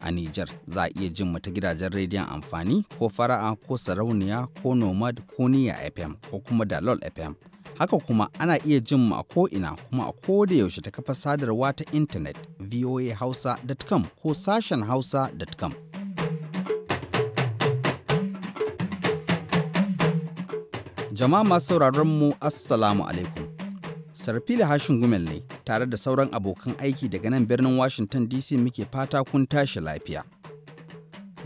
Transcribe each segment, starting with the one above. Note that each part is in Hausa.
A Nijar za a iya jin mu ta gidajen rediyon amfani ko fara'a ko sarauniya ko nomad ko niya FM ko kuma dalol FM. Haka kuma ana iya jin mu a ko'ina kuma a ko da yaushe ta kafa sadarwa ta intanet voahausa.com ko sashen hausa.com. Jama'a masu sauraron mu Assalamu alaikum. sarfila hashin gumel ne tare da sauran abokan aiki daga nan birnin washington dc muke fata kun tashi lafiya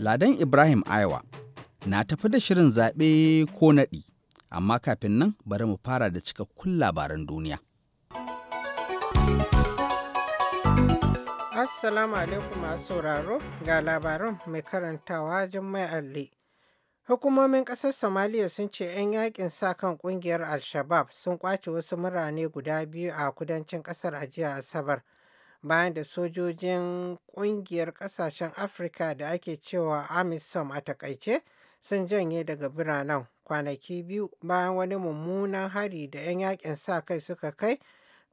ladan ibrahim aiwa na tafi da shirin zaɓe ko naɗi amma kafin nan bari mu fara da cikakkun labaran duniya assalamu alaikum masu sauraro ga labaran mai karantawa mai alli Hukumomin ƙasar Somaliya sun ce 'yan yakin sa kan ƙungiyar Al-Shabab sun ƙwace wasu murane guda biyu a kudancin ƙasar a jiya Asabar bayan da sojojin ƙungiyar ƙasashen Afirka da ake cewa AMISOM a takaice sun janye daga biranen kwanaki biyu bayan wani mummunan hari da 'yan yakin sa kai suka kai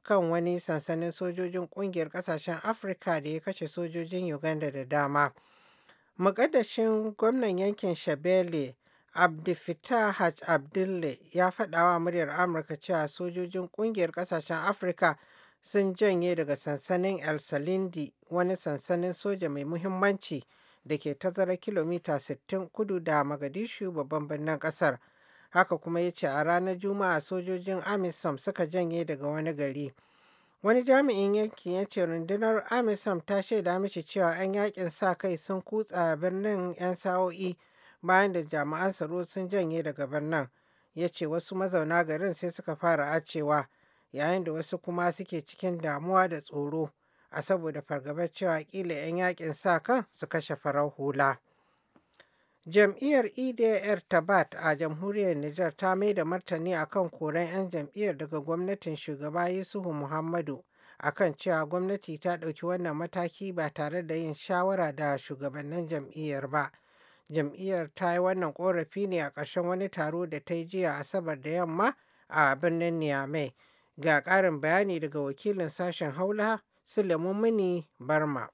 kan wani sansanin sojojin ƙungiyar ƙasashen Afirka da ya kashe sojojin Uganda da dama. Muƙaddashin gwamnan yankin Shabelle, Abdulfatah Haj Abdulle ya faɗawa muryar Amurka cewa sojojin ƙungiyar ƙasashen Afirka sun janye daga sansanin El Salindi, wani sansanin soja mai muhimmanci da ke tazara kilomita 60 kudu da Magadishu, babban birnin ƙasar. Haka kuma ya ce a ranar Juma'a sojojin AMISOM suka janye daga wani gari. Wani jami'in yankin ya ce rundunar AMISOM ta shaida mishi cewa 'yan yakin sa kai sun kutsa birnin 'yan sa'o'i bayan da jami'an tsaro sun janye daga birnin. Ya ce wasu mazauna garin sai suka fara acewa yayin da wasu kuma suke cikin damuwa da tsoro a saboda fargabar cewa kila 'yan yakin sa kan su kashe farar hula. Jam'iyyar EDR ta BAT a jamhuriyar Nijar ta mai da martani kan koren 'yan jam'iyyar daga gwamnatin shugaba Yusufu Muhammadu akan cewa gwamnati ta ɗauki wannan mataki ba tare da yin shawara da shugabannin jam'iyyar ba. Jam'iyyar ta yi wannan korafi ne a ƙarshen wani taro da ta yi jiya Asabar da yamma a birnin Niamey. Ga ƙarin bayani daga wakilin sashen Haula Sulemu Mini Barma.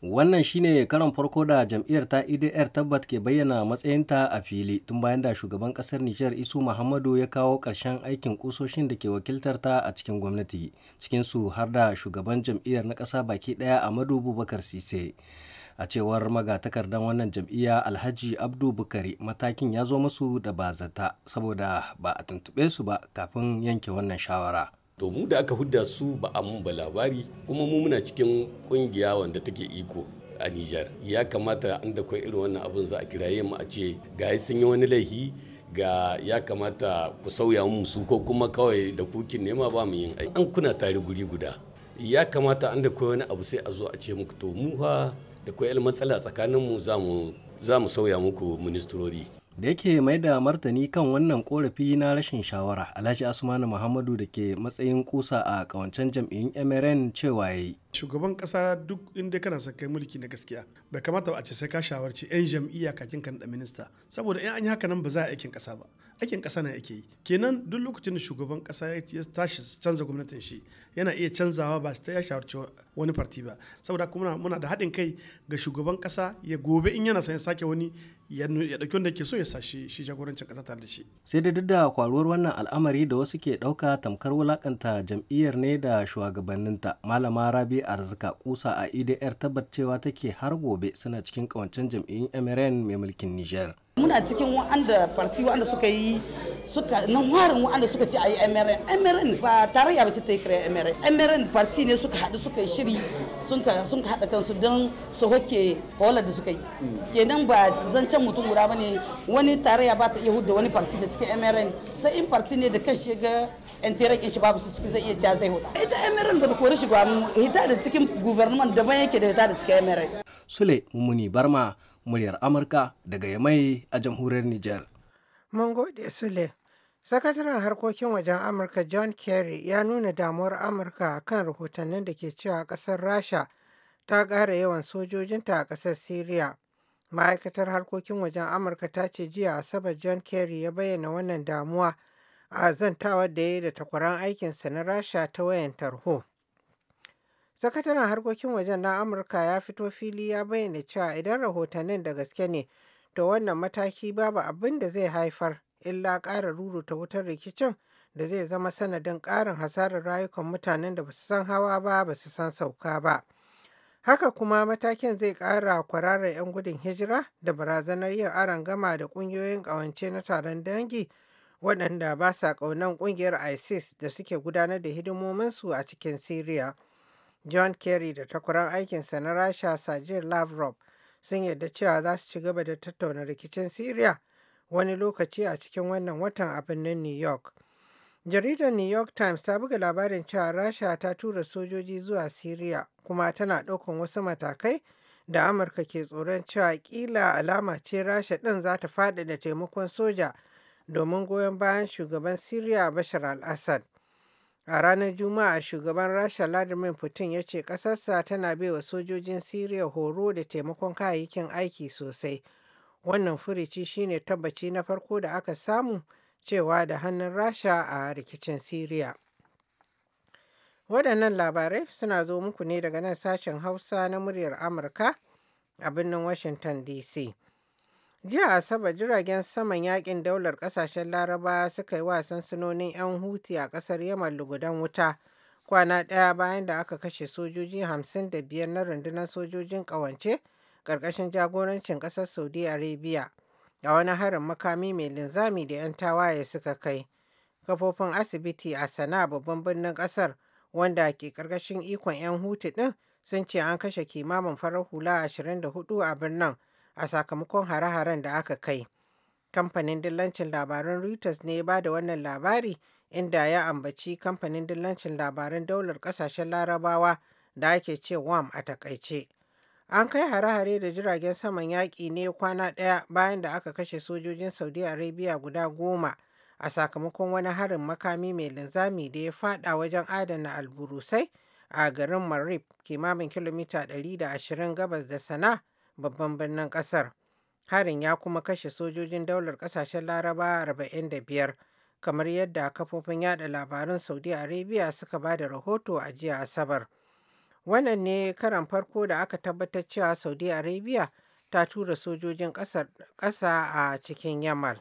Wannan shine karan farko da jam'iyyar ta IDR e tabbat ke bayyana matsayinta a fili tun bayan da shugaban kasar Nijar Isu Muhammadu ya kawo ƙarshen aikin kusoshin da ke wakiltar ta a cikin gwamnati, cikinsu har da shugaban jam'iyyar na ƙasa baki ɗaya Amadu Bubakar Sise. A cewar magatakardan wannan jam'iyya Alhaji Abdu Bukari matakin ya zo masu da bazata saboda ba a tuntuɓe su ba kafin yanke wannan shawara. to mu da aka hudda su ba a mun ba labari kuma mu muna cikin kungiya wanda take iko a Nijar ya kamata an da kai irin wannan abin za a kiraye mu a ce ga sun yi wani laihi ga ya kamata ku sauya mu su ko kuma kawai da kukin nema ba mu yin an kuna tare guri guda ya kamata an da kai wani abu sai a zo a ce muku to mu fa da kai matsala tsakanin mu za mu sauya muku ministrori da yake mai da martani kan wannan korafi na rashin shawara alhaji asmanu muhammadu da ke matsayin kusa a kawancen jam'iyyun mrn cewa ya yi shugaban kasa duk inda kana son kai mulki na gaskiya bai kamata a ce sai ka shawarci yan jam'iyya kakin kan da minista saboda in an yi haka nan ba za a aikin kasa ba aikin kasa na ake yi kenan duk lokacin da shugaban kasa ya tashi canza gwamnatin shi yana iya canzawa ba ta ya shawarci wani farti ba saboda kuma muna da haɗin kai ga shugaban kasa ya gobe in yana son ya sake wani ya ɗauki wanda ke so ya sa shi jagorancin ƙasa tare da shi. Sai dai duk da kwaruwar wannan al'amari da wasu ke ɗauka tamkar wulakanta jam'iyyar ne da shugabanninta malama Rabi Arzika kusa a IDR e tabbacewa take har gobe suna cikin ƙawancen jam'iyyun MRN mai mulkin niger. Muna cikin wa'anda farti wa'anda suka yi suka nan harin wa'anda suka ci a yi mrn mrn ba tarayya ba ce ta yi kare mrn mrn parti ne suka haɗu suka shiri sun ka haɗa kansu don su hoke holar da suka yi kenan ba zancen mutum guda ba ne wani tarayya ba ta iya hudu wani parti da cikin mrn sai in parti ne da kan shiga yan teran shi babu su ciki zai iya ja zai huta ita mrn ba ta kori shi ba hita da cikin guvernement daban yake da hita da cikin mrn sule mumuni barma muryar amurka daga yamai a jamhuriyar niger mun gode sule Sakataren harkokin wajen Amurka John Kerry ya nuna damuwar Amurka a kan rahotannin da ke cewa ƙasar Rasha ta ƙara yawan sojojinta a ƙasar Syria Ma'aikatar harkokin wajen Amurka ta ce jiya Asabar John Kerry ya bayyana wannan damuwa a zantawar da ya yi da takwaran aikinsa na Rasha ta wayan tarho. Sakataren harkokin wajen na Amurka ya fito fili ya bayyana cewa idan rahotannin da gaske ne, to wannan mataki babu abin da zai haifar illa ƙara ruruta wutar rikicin da zai zama sanadin ƙarin hasarar rayukan mutanen da basu san hawa ba basu san sauka ba. Haka kuma matakin zai ƙara kwararar 'yan gudun hijira da barazanar yin gama da ƙungiyoyin ƙawance na taron dangi waɗanda ba sa ƙaunan ƙungiyar ISIS da suke gudanar da hidimominsu a cikin Siriya. John Kerry da takwaran aikinsa na Rasha Sajid Lavrov sun yarda cewa za su ci gaba da tattauna rikicin Siriya wani lokaci a cikin wannan watan a birnin New York. Jaridar New York Times ta buga labarin cewa Rasha ta tura sojoji zuwa Syria kuma tana ɗaukan wasu matakai da Amurka ke tsoron cewa ƙila alama ce Rasha ɗin za ta faɗi da taimakon soja domin goyon bayan shugaban Siriya Bashar al-Assad. A ranar Juma'a shugaban Rasha Vladimir Putin ya ce ƙasarsa tana baiwa sojojin Syria horo da taimakon kayayyakin aiki sosai. Wannan furici shine tabbaci na farko da aka samu cewa da hannun Rasha a rikicin Siriya. Waɗannan labarai suna zo muku ne daga nan sashen Hausa na muryar Amurka a birnin Washington DC. Jiya Asabar jiragen saman yakin daular ƙasashen Laraba suka yi wa sansanonin 'yan Huti a ƙasar Yaman lugudan wuta kwana ɗaya bayan da aka kashe sojoji 55 na rundunar sojojin ƙawance ƙarƙashin jagorancin ƙasar Saudi Arabia a wani harin makami mai linzami da 'yan tawaye suka kai. Kafofin asibiti a Sana'a babban birnin ƙasar wanda ke ƙarƙashin ikon 'yan hutu ɗin sun ce an kashe kimamin farar hula 24 a birnin a sakamakon hare-haren da aka kai. Kamfanin dillancin labarun Reuters ne ya ba da wannan labari inda ya ambaci kamfanin dillancin labaran daular ƙasashen larabawa da ake ce WAM a takaice. An kai hare-hare da jiragen saman yaƙi ne kwana ɗaya bayan da aka kashe sojojin Saudi Arabia guda goma a sakamakon wani harin makami mai linzami da ya faɗa wajen adana alburusai a garin Marib kimamin kilomita 120 gabas da Sana babban birnin ƙasar. Harin ya kuma kashe sojojin daular ƙasashen Laraba 45 kamar yadda kafofin yada labarun Saudi Arabia suka ba da rahoto a jiya Asabar. Wannan ne karan farko da aka tabbatar cewa Saudi Arabia ta tura sojojin ƙasa a cikin Yamal.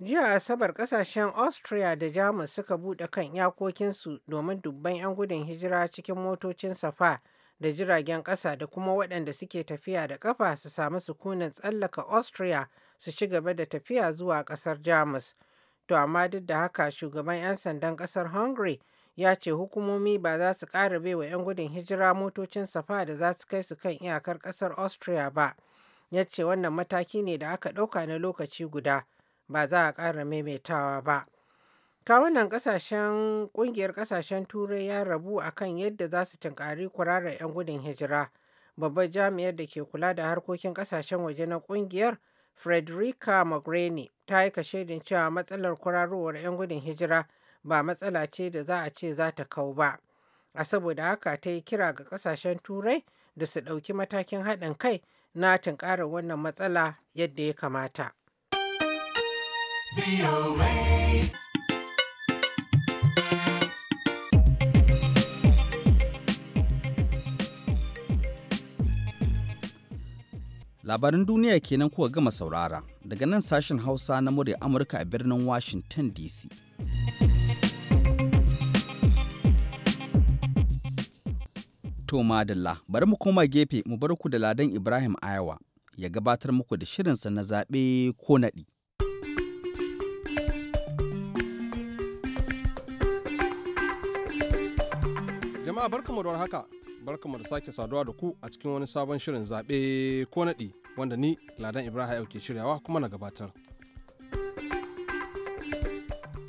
Jiya Asabar ƙasashen Austria da Jamus suka buɗe kan iyakokinsu domin dubban 'yan gudun hijira cikin motocin safa da jiragen ƙasa da kuma waɗanda suke tafiya da ƙafa su samu sukunin tsallaka Austria su ci gaba da tafiya zuwa ƙasar Jamus. To amma duk da haka shugaban 'yan sandan ƙasar Hungary ya ce hukumomi ba za su ƙara bai wa 'yan gudun hijira motocin safa da za su kai su kan iyakar ƙasar austria ba ya ce wannan mataki ne da aka ɗauka na lokaci guda ba za a ƙara maimaitawa ba kawunan ƙasashen ƙungiyar ƙasashen turai ya rabu a kan yadda za su tunkari kurarar 'yan gudun hijira babbar jami'ar da ke kula da harkokin ƙasashen waje na ƙungiyar frederica mcgrane ta yi shaidin cewa matsalar kwararowar 'yan gudun hijira ba matsala ce da za a ce za ta kau ba a saboda haka ta yi kira ga kasashen turai da su ɗauki matakin haɗin kai na tunkarar wannan matsala yadda ya kamata. labarin duniya kenan kuka gama saurara daga nan sashen Hausa na murya Amurka a birnin Washington DC. To madalla bari mu koma gefe mu bar ku da Ladan Ibrahim Ayawa ya gabatar muku da shirinsa na zaɓe ko naɗi. Jama'a barkamu da haka barkamu da sake saduwa da ku a cikin wani sabon shirin zaɓe ko naɗi wanda ni Ladan Ibrahim ke shiryawa kuma na gabatar.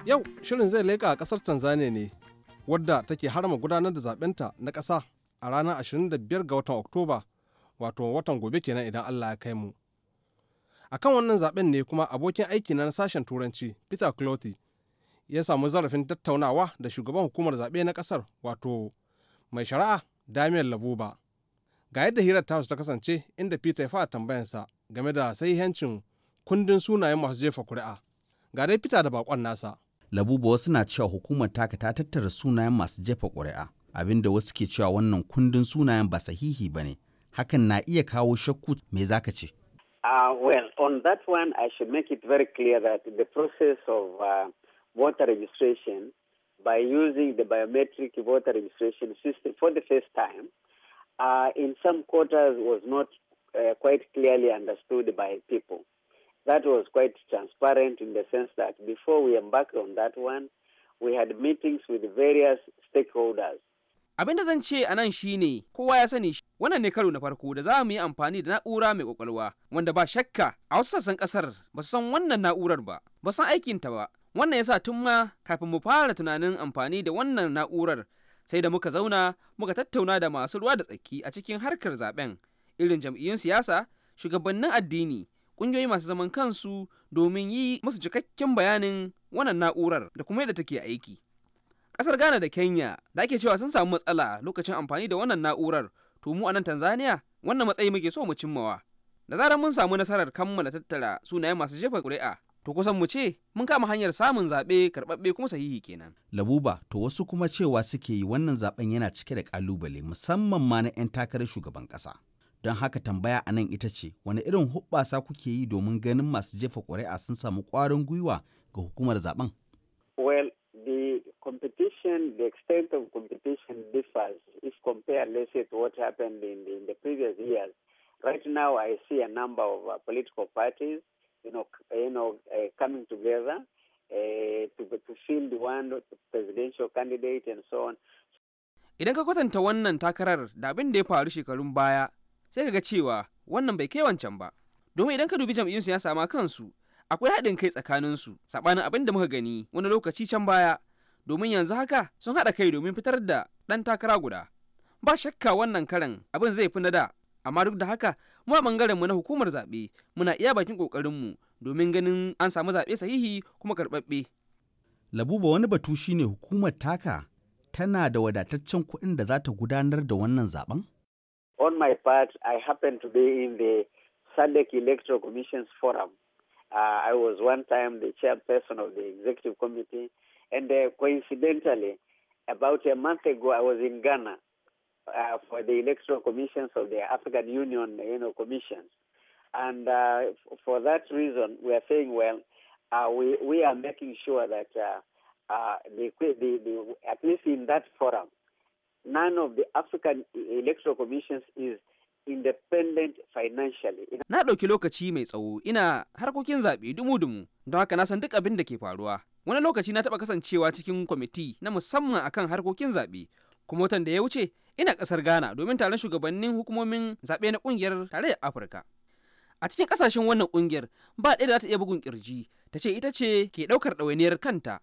Yau shirin zai leƙa a ƙasar Tanzania ne wadda take harama gudanar da zaɓenta na ƙasa a ranar 25 ga watan Oktoba, wato watan gobe kenan idan Allah ya kai mu. A kan wannan zaben ne kuma abokin aiki na sashen Turanci, Peter Clothy, ya samu zarafin tattaunawa da shugaban hukumar zaɓe na ƙasar wato mai shari'a Damian Labuba. Ga yadda hirar ta ta kasance inda Peter ya fara tambayansa game da sahihancin kundin sunayen masu jefa kuri'a. Ga dai Peter da bakon nasa. Labuba wasu na cewa hukumar taka ta tattara sunayen masu jefa kuri'a. abinda wasu ke cewa wannan kundin sunayen ba sahihi ba ne hakan na iya kawo shakku me zaka ce ah, well, on that one, I should make it very clear that the process of uh, voter registration by using the biometric voter registration system for the first time uh, in some quarters was not uh, quite clearly understood by people. That was quite transparent in the sense that before we embarked on that one, we had meetings with various stakeholders abin da zan ce a nan ne kowa ya sani wannan ne karo na farko da za mu yi amfani da na'ura mai kwakwalwa wanda ba shakka a wasu sassan kasar ba su san wannan na'urar ba ba san ta ba wannan yasa tun ma kafin mu fara tunanin amfani da wannan na'urar sai da muka zauna muka tattauna da masu ruwa da tsaki a cikin harkar zaben irin jam'iyyun siyasa shugabannin addini ƙungiyoyi masu zaman kansu domin yi musu cikakken bayanin wannan na'urar da kuma yadda take aiki Kasar Ghana da Kenya da ake cewa sun samu matsala lokacin amfani da wannan na'urar to mu a nan Tanzania wannan matsayi muke so mu cimmawa. Da zarar mun samu nasarar kammala tattara sunayen masu jefa kuri'a to kusan mu ce mun kama hanyar samun zaɓe karɓaɓɓe kuma sahihi kenan. Labuba to wasu kuma cewa suke yi wannan zaben yana cike da ƙalubale musamman ma na 'yan takarar shugaban ƙasa. Don haka tambaya a nan ita ce wani irin hubbasa kuke yi domin ganin masu jefa kuri'a sun samu ƙwarin gwiwa ga hukumar zaben. Competition, the extent of competition differs if compared, let's say, to what happened in the, in the previous years. Right now, I see a number of uh, political parties, you know, you know, uh, coming together uh, to, to field one presidential candidate and so on. Idan ka kwatanta wannan takarar da abin da ya faru shekarun baya, sai ka ga cewa wannan bai kai wancan ba. Domin idan ka dubi jam'iyyun siyasa ma kansu, akwai haɗin kai tsakaninsu, saɓanin abin da muka gani wani lokaci can baya. domin yanzu haka sun haɗa kai domin fitar da ɗan takara guda ba shakka wannan karan abin zai fi na da amma duk da haka mu a bangaren mu na hukumar zaɓe muna iya bakin kokarin mu domin ganin an samu zaɓe sahihi kuma karɓaɓɓe labuba wani batu shine hukumar taka tana da wadataccen kuɗin da za ta gudanar da wannan zaben on my part i happen to be in the sadec electoral commissions forum uh, i was one time the chairperson of the executive committee And uh, coincidentally, about a month ago, I was in Ghana uh, for the electoral commissions of the African Union, you know, commissions. And uh, for that reason, we are saying, well, uh, we we are making sure that uh, uh, the, the, the at least in that forum, none of the African electoral commissions is independent financially. Na ɗauki lokaci mai tsawo ina harkokin zaɓe dumu-dumu don haka na san duk abin da ke faruwa. wani lokaci na taɓa kasancewa cikin kwamiti na musamman akan harkokin zaɓe kuma watan da ya wuce ina ƙasar ghana domin taron shugabannin hukumomin zaɓe na ƙungiyar da afirka a cikin ƙasashen wannan ƙungiyar ba ɗaya da za ta iya bugun ƙirji ta ce ita ce ke ɗaukar ɗawainiyar kanta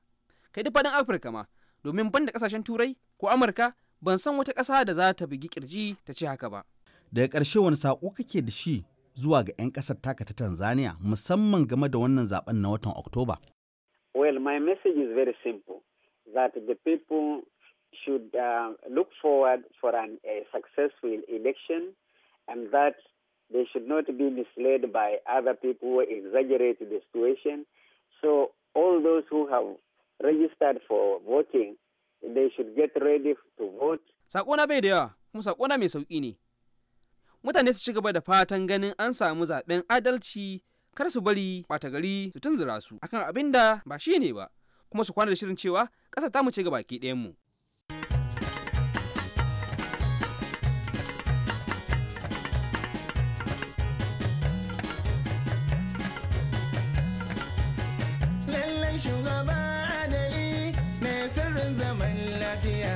kai duk faɗin afirka ma domin ban da ƙasashen turai ko amurka ban san wata ƙasa da za ta bugi ƙirji ta ce haka ba daga ƙarshe wani saƙo kake da shi zuwa ga 'yan ƙasar taka ta tanzania musamman game da wannan zaben na watan oktoba Well, my message is very simple that the people should uh, look forward for an, a successful election and that they should not be misled by other people who exaggerate the situation. So, all those who have registered for voting, they should get ready to vote. Sakona bai da yawa, kuma sakona mai sauƙi ne. Mutane su ci gaba da fatan ganin an samu zaɓen adalci kar su bari ɓata gari su tunzura su akan abin da ba shi ne ba kuma su kwana da shirin cewa ƙasa ta mu ce ga baki ɗayan mu. Lallai shugaba adali ne sirrin zaman lafiya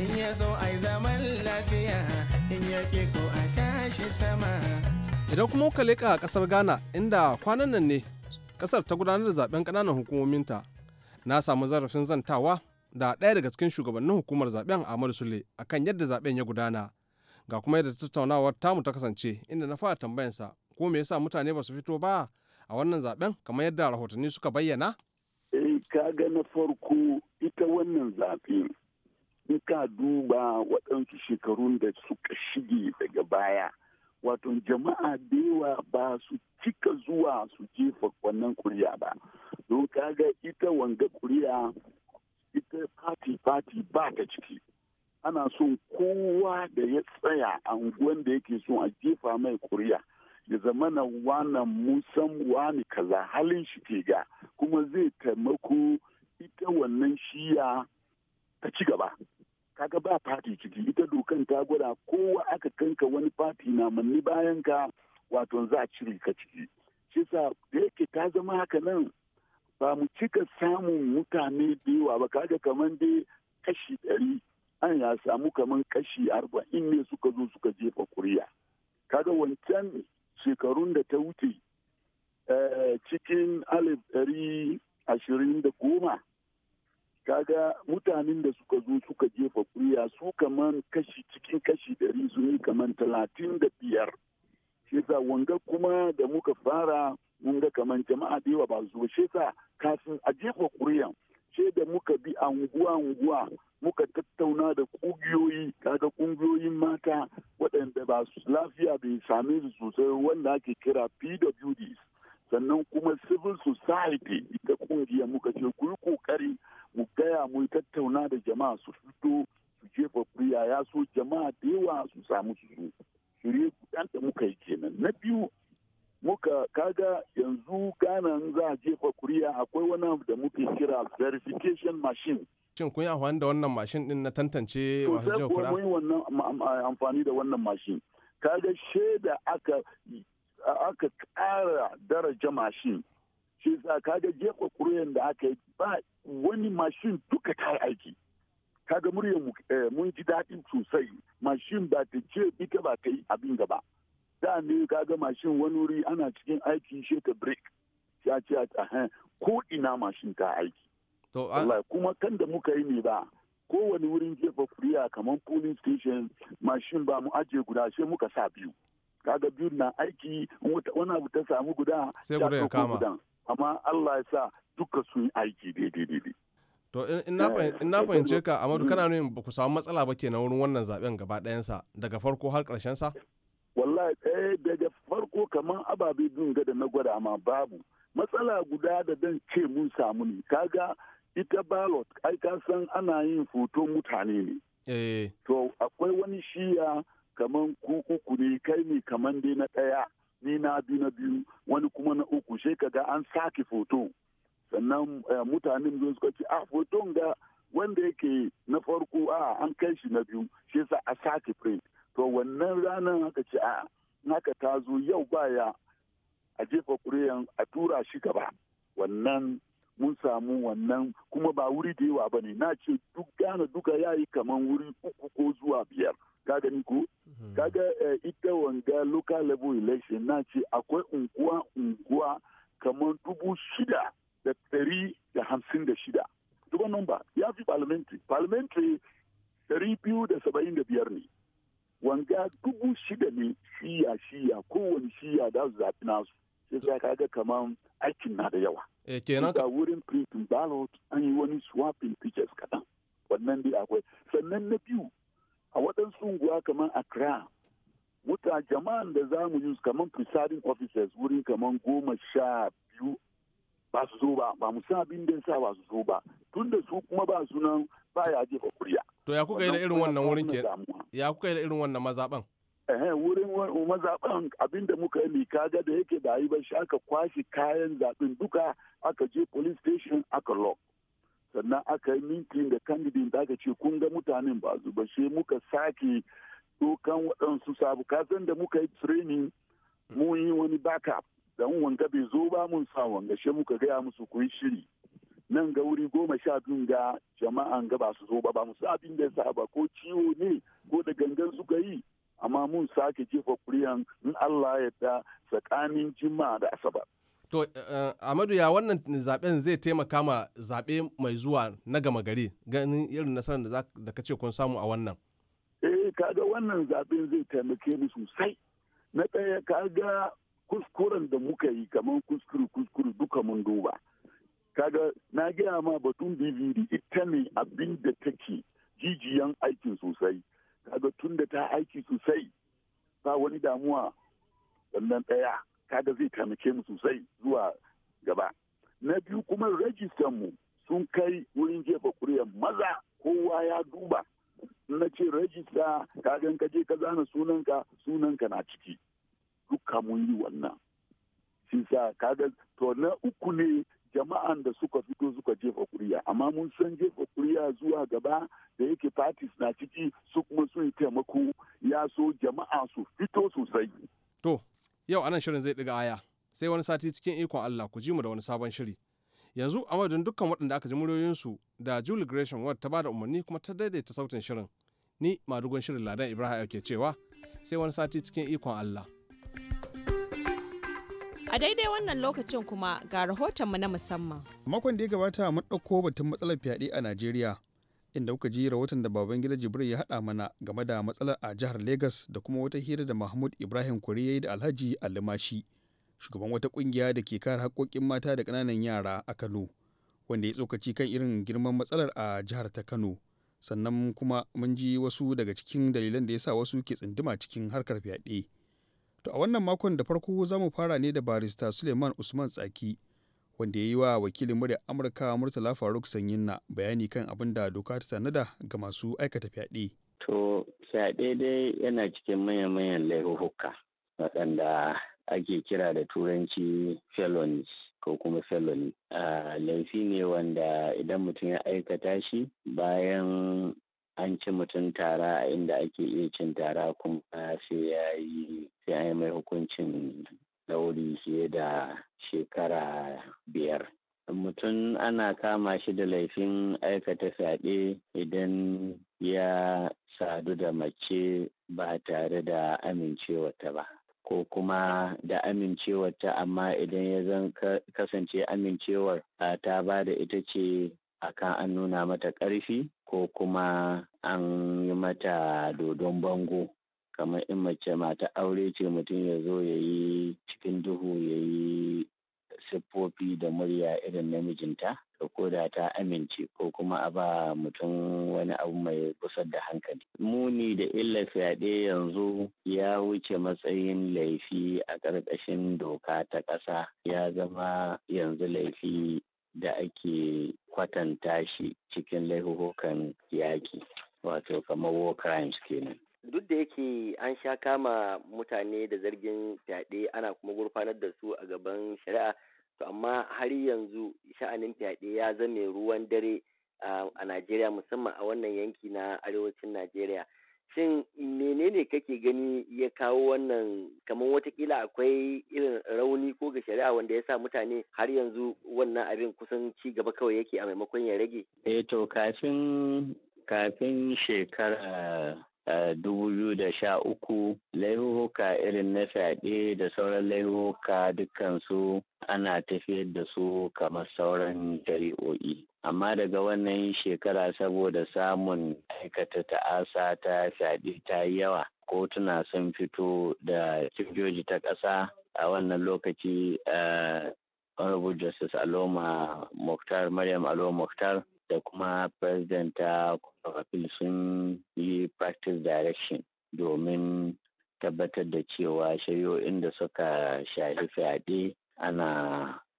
in ya so ai zaman lafiya in ya ko a tashi sama. idan kuma muka leƙa ƙasar ghana inda kwanan nan ne ƙasar ta gudanar da zaben ƙananan hukumominta na samu zarafin zantawa da ɗaya daga cikin shugabannin hukumar zaben ahmadu sule akan yadda zaben ya gudana ga kuma yadda tattaunawar tamu ta kasance inda na fara tambayansa ko me yasa mutane ba su fito ba a wannan zaben kamar yadda rahotanni suka bayyana eh, ka ga na farko ita wannan zaɓe in ka duba waɗansu shekarun da suka shige daga baya wato jama'a da yawa ba su cika zuwa su jefa wannan kuriya ba don kaga ita wanga kuriya ita fati fati ba ta ciki ana son kowa da ya tsaya a unguwan da yake son a jefa mai kuriya ya zama na wannan musan wani kaza halin shi ke ga kuma zai taimako ita wannan shiya ta ci gaba kaga ba fati ciki ita dokan ta gwada kowa aka kanka wani fati na manni bayan ka wato za a cire ka ciki shi sa yake ta zama haka nan ba mu cika samun mutane da yawa ba kaga kamar dai kashi ɗari an ya samu kamar kashi arba'in ne suka zo suka jefa kuriya kaga wancan shekarun da ta wuce eh, cikin alif ɗari ashirin da goma kaga mutanen da suka zo suka jefa kuriya su kaman kashi cikin kashi ɗari su ne kaman talatin da biyar shi sa wanga kuma da muka fara mun ga kaman jama'a da yawa ba su zo shi sa kafin a jefa kuriya shi da muka bi anguwa-anguwa muka tattauna da kungiyoyi kaga kungiyoyin mata waɗanda ba lafiya bai same su sosai wanda ake kira pwds sannan kuma civil society ita kungiya muka ce ku yi kokari mu gaya mu tattauna da jama'a su fito su jefa kuriya ya so jama'a da yawa su samu su so shirye da muka yi kenan na biyu muka kaga yanzu ganan za a jefa kuriya akwai wani da muke kira verification machine shin kun yi amfani da wannan mashin din na tantance masu jefa kuriya? mun yi amfani da wannan mashin kaga shaida aka aka ƙara daraja mashin shi za kaga jefa kuriyan da aka yi ba wani mashin duka ta aiki kaga murya eh, mun ji daɗin sosai mashin ba ta ce ita ba ta yi abin gaba da ne kaga mashin wani wuri ana cikin aiki shi ta break ya ce ko ina mashin ta aiki kuma kan da muka yi ne ba kowane wurin jefa kuriya kamar polling station mashin ba mu ajiye guda sai muka sa biyu kaga biyun na aiki wani abu ta samu guda sai guda ya kama amma Allah ya sa duka sun aiki daidai daidai to in na eh, fahimce ka Amadu mm. kana nuna ba samu matsala ba kenan wurin wannan zaben gaba dayansa daga farko har ƙarshen sa wallahi eh daga farko kamar ababe biyun ga da na gwada ma babu matsala guda da dan ce mun samu ne kaga ita ballot ai ka san ana yin foto mutane ne eh to akwai wani shiya kaman ku ne kai ne kaman dai na ɗaya ni na biyu na biyu wani kuma na uku sai ga an sake foto sannan eh, mutanen zo suka ce a ah, foton ga wanda yake na farko a an kai shi na biyu shi yasa a sake print to wannan ranar haka ce a haka ta zo yau baya a jefa kuriyan a tura shi gaba wannan mun samu wannan kuma ba wuri da yawa ba ne na ce duk gane duka yayi kaman wuri uku ko zuwa biyar ka ni ku kaga mhm. eh, ita wanga local level election na ce akwai unguwa unguwa kamar dubu shida da ɗari da hamsin da shida duba number ya fi parliamentary parliamentary ɗari biyu da saba'in da biyar ne wanga dubu shida ne shiya shiya kowane shiya da su zaɓi nasu sai za ka ga kamar aikin na da yawa. E kenan ka wurin printing ballot an yi wani swapping pictures kaɗan wannan dai akwai sannan na biyu a waɗansu unguwa kamar Accra muta jama'an da za mu use kamar presiding officers wurin kamar goma sha biyu ba su zo ba ba mu sa abin da sa ba su zo ba tun da su kuma ba su nan ba ya jefa kuriya. To ya kuka yi da irin wannan wurin ke ya kuka yi da irin wannan mazaɓan? Eh wurin mazaɓan abin da muka yi mai kaga da yake da yi ba shi aka kwashe kayan zaɓen duka aka je police station aka lock. sannan aka yi mintin da kandidin da aka ce kun ga mutanen ba ba shi muka sake dokan waɗansu sabu kasan da muka yi training mun yi wani backup da mun wanga bai zo ba mun sa wanga shi muka gaya musu kun shiri nan ga wuri goma sha biyun ga jama'an ga ba su zo ba ba musu abin da sa ba ko ciwo ne ko da gangan suka yi amma mun sake jefa kuriyan in Allah ya da tsakanin jima'a da asabar. To, eh, eh, Amadu ya wannan zaben zai taimaka ma zaɓe mai zuwa na gama gari ganin irin nasarar da ka ce kun samu a wannan. Eh, kaga wannan zaben zai taimake ni sosai. Na ɗaya kaga kuskuren da muka yi kamar kuskuru-kuskuru duka mun duba. Kaga na gaya ma batun DVD ita ne abin da take jijiyan aikin sosai. Kaga tun da ta aiki sosai ba wani damuwa sannan ɗaya. kaga zai taimake mu sosai zuwa gaba na biyu kuma rajistan mu sun kai wurin jefa kuriyar maza kowa ya duba na ce rajista ka kaje ka zana sunanka sunanka na ciki duka mun yi wannan shi sa kaga to na uku ne jama'an da suka fito suka jefa kuriya amma mun san jefa kuriya zuwa gaba da yake parties na ciki su kuma sun taimako ya so jama'a su fito sosai to Yau anan shirin zai ɗiga aya, sai wani sati cikin ikon Allah ku ji mu da wani sabon shiri. Yanzu a madadin dukkan waɗanda aka ji muryoyinsu da Julie Gresham Ward ta bada umarni kuma ta daidaita sautin shirin. Ni madugon shirin Ladan Ibrahim ke cewa sai wani sati cikin ikon Allah. A daidai wannan lokacin kuma ga rahotonmu na musamman. Makon da ya gabata mun ɗauko batun matsalar fyaɗe a Najeriya. inda kuka ji rahoton da Babangida Jibril ya haɗa mana game da matsalar a jihar Legas da kuma wata hira da Mahmud Ibrahim Kuri ya yi da Alhaji Alimashi, shugaban wata ƙungiya da ke kare haƙƙoƙin mata da ƙananan yara a Kano, wanda ya tsokaci kan irin girman matsalar a jihar ta Kano. Sannan kuma mun ji wasu daga cikin dalilan da ya sa wasu ke tsinduma cikin harkar fyaɗe. To a wannan makon da farko za mu fara ne da barista Suleiman Usman Tsaki, wanda ya yi wa wakilin murya amurka murtala faruk sanyin sanyinna bayani kan abin da doka ta tanada ga masu aikata fyaɗe. to fyaɗe dai yana cikin manya-manyan laifuka waɗanda ake kira da turanci felonies ko kuma felony laifi ne wanda idan mutum ya aikata shi bayan an ci mutum tara a inda ake iya cin tara kuma sai ya yi sai an yi mai hukuncin ɗauri fiye da shekara biyar. Mutum ana kama shi da laifin aikata fyaɗe idan ya sadu da mace ba tare da amincewarta ba. ko kuma da amincewarta amma idan ya zan kasance amincewar ta ba da ita ce akan an nuna mata ƙarfi ko kuma an yi mata dodon bango kamar in mace mata aure ce mutum ya zo ya yi cikin duhu ya yi siffofi da murya irin namijinta da koda ta amince ko kuma a ba mutum wani abu mai kusa da hankali. Muni da illa fyaɗe yanzu ya wuce matsayin laifi a ƙarƙashin doka ta ƙasa ya zama yanzu laifi da ake kwatanta shi cikin laifukan yaƙi wato kamar war crimes kenan. duk da yake an sha kama mutane da zargin fyaɗe ana kuma gurfanar da su a gaban shari'a to amma har yanzu sha'anin fyaɗe ya zame ruwan dare a najeriya musamman a wannan yanki na arewacin najeriya shin menene kake gani ya kawo wannan kamar watakila akwai irin rauni ko ga shari'a wanda ya sa mutane har yanzu wannan abin kusan ci gaba kawai yake a maimakon ya rage eh to kafin kafin shekara Eh, uku laihuhuka irin na fyaɗe da sauran laihuhuka dukkansu ana tafiyar da su kamar sauran jari'o'i Amma daga wannan shekara saboda samun aikata ta'asa ta fyaɗe ta yi yawa, kotuna sun fito da cibiyoji ta ƙasa a wannan lokaci eh, Honorable Justice Aloma Mokhtar, Maryam Aloma Mokhtar da kuma President Tsofaffin sun yi practice direction domin tabbatar da cewa shari'o'in da suka shafi fyaɗe ana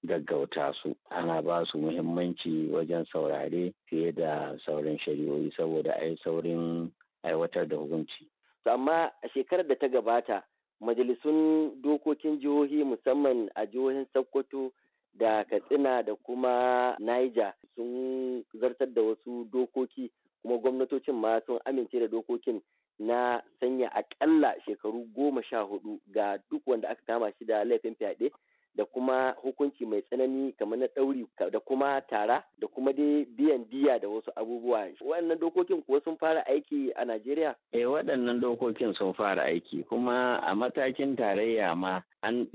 gaggauta su ana ba su muhimmanci wajen saurare fiye da sauran shari'o'i saboda ai saurin aiwatar da hukunci. amma a shekarar da ta gabata majalisun dokokin jihohi musamman a jihohin sokoto da katsina da kuma niger sun zartar da wasu dokoki kuma gwamnatocin ma sun amince da dokokin na sanya akalla shekaru goma sha hudu ga duk wanda aka kama shi da laifin fyaɗe da kuma hukunci mai tsanani kamar na ɗauri da kuma tara da kuma dai biyan diya da wasu abubuwa waɗannan dokokin kuwa sun fara aiki a najeriya eh waɗannan dokokin sun fara aiki kuma a matakin tarayya ma an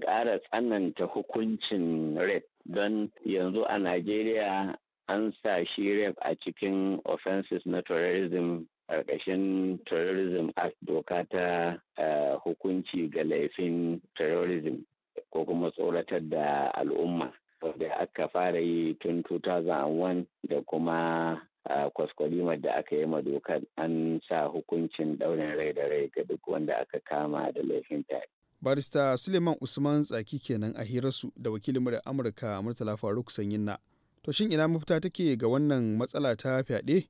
ƙara tsananta hukuncin rape don yanzu a najeriya an sa shi rep a cikin offenses na terrorism ƙarƙashin terrorism act doka ta eh, hukunci ga laifin terrorism ko kuma tsoratar da al'umma da aka fara yi tun 2001 da kuma eh, kwaskwalimar da aka yi ma dokar an sa hukuncin ɗaurin rai da rai ga duk wanda aka kama da laifin ta. barista suleiman usman tsaki kenan a hirarsu da wakilin da amurka murtala faruk sanyin na to shin ina mafita take ga wannan matsala ta fyaɗe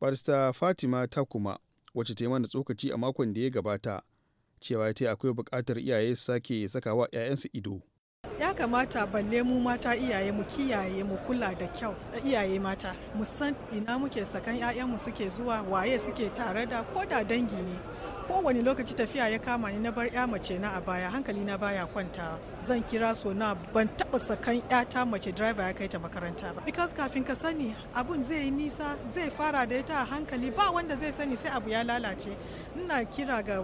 barista fatima ta kuma wacce ta yi mana tsokaci a makon da ya gabata cewa ta akwai buƙatar iyaye su sake sakawa 'ya'yansu ido ya kamata balle mu mata iyaye mu kiyaye mu kula da kyau eh, iyaye mata mu san ina muke sakan mu suke zuwa waye suke tare da ko da dangi ne kowane lokaci tafiya ya kama ni na bar ya mace na a baya hankali na baya kwanta zan kira so na ban taba sakan yata mace driver ya kai ta makaranta ba because kafin ka sani abun zai yi nisa zai fara da ita a hankali ba wanda zai sani sai abu ya lalace ina kira ga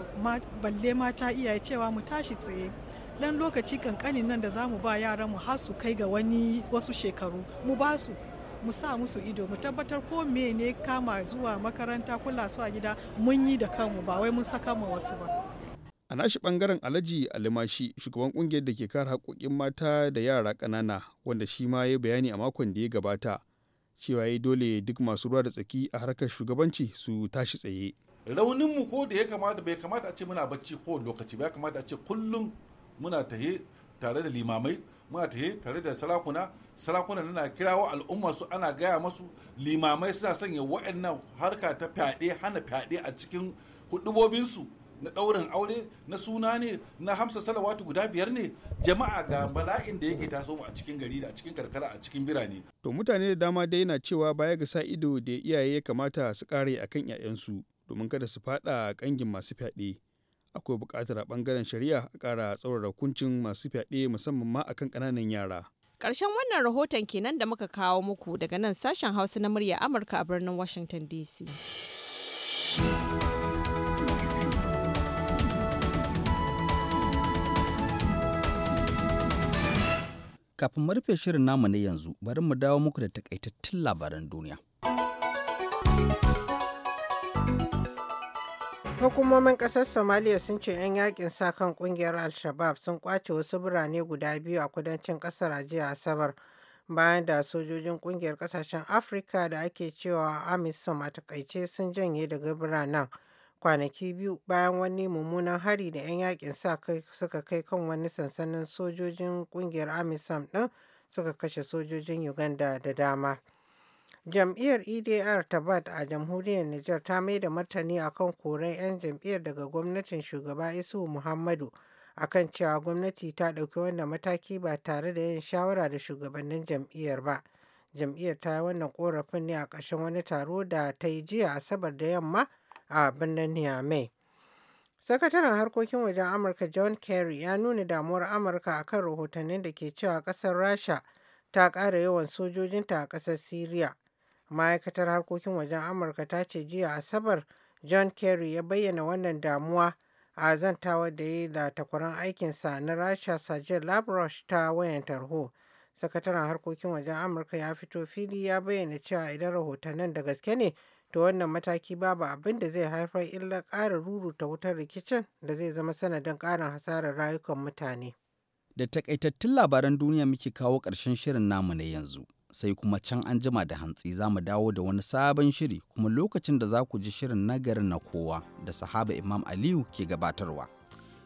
balle mata iyaye cewa mu tashi tsaye dan lokaci kankanin nan da za mu ba yaran mu har su kai ga wani wasu shekaru mu ba su mu sa musu ido mu tabbatar ko mene kama zuwa makaranta kula su a gida mun yi da kanmu ba wai mun saka ma wasu ba a nashi bangaren alhaji alimashi shugaban kungiyar da ke kare haƙoƙin mata da yara ƙanana wanda shi ma ya bayani a makon da ya gabata cewa ya dole duk masu ruwa da tsaki a harkar shugabanci su tashi tsaye rauninmu ko da ya kamata bai kamata a ce muna bacci ko lokaci ba ya kamata a ce kullum muna tahe tare da limamai muna ta tare da sarakuna sarakuna na kirawo al'umma su ana gaya masu limamai suna sanya wa'annan harka ta fyaɗe hana fyaɗe a cikin hudubobinsu na ɗaurin aure na suna ne na hamsa salawatu guda biyar ne jama'a ga bala'in da yake taso a cikin gari da a cikin karkara a cikin birane. to mutane da dama dai na cewa baya ga sa ido da iyaye ya kamata su kare akan 'ya'yansu domin kada su faɗa kangin masu fyaɗe akwai buƙatar a ɓangaren shari'a a ƙara tsaurara hukuncin masu fyaɗe musamman ma akan ƙananan yara. Ƙarshen wannan rahoton kenan da muka kawo muku daga nan sashen Hausa na murya Amurka a birnin Washington DC. Kafin mu rufe shirin namu na yanzu, bari mu dawo muku da takaitattun labaran duniya. Hukumomin ƙasar Somaliya sun ce 'yan yakin sa kan ƙungiyar Al-Shabaab sun kwace wasu birane guda biyu a kudancin ƙasar a jiya Asabar bayan da sojojin ƙungiyar ƙasashen Afirka da ake cewa AMISOM a takaice sun janye daga biranen kwanaki biyu bayan wani mummunan hari da 'yan yakin sa kai suka kai kan wani sansanin sojojin ƙungiyar AMISOM ɗin suka kashe sojojin Uganda da dama. Jam'iyyar EDR ta BAT a jamhuriyar Nijar ta mai da martani akan koren 'yan jam'iyyar daga gwamnatin shugaba Isu Muhammadu akan cewa gwamnati ta ɗauki wannan mataki ba tare da yin shawara da shugabannin jam'iyyar ba. Jam'iyyar ta yi wannan korafin ne a ƙarshen wani taro da ta yi jiya Asabar da yamma a birnin Niamey. Sakataren harkokin wajen Amurka John Kerry ya nuna damuwar Amurka akan rahotannin da ke cewa ƙasar Rasha ta ƙara yawan sojojinta a ƙasar Siriya. ma'aikatar harkokin wajen amurka ta ce jiya asabar john kerry ya bayyana wannan damuwa a zantawa da ya yi da takwaran aikinsa na rasha sajid labrush ta wayan tarho sakataren harkokin wajen amurka ya fito fili ya bayyana cewa idan rahotannin da gaske ne to wannan mataki babu abin da zai haifar illa ƙara ruruta wutar rikicin da zai zama sanadin ƙarin hasarar rayukan mutane da takaitattun labaran duniya muke kawo ƙarshen shirin namu na yanzu sai kuma can an jima da hantsi za mu dawo da wani sabon shiri kuma lokacin da za ku ji shirin nagarin na kowa da sahaba imam aliyu ke gabatarwa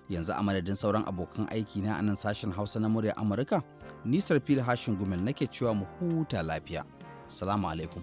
yanzu a madadin sauran abokan aiki na anan sashen hausa na murya amurka nisar fili hashin gumel nake cewa mu huta lafiya salamu alaikum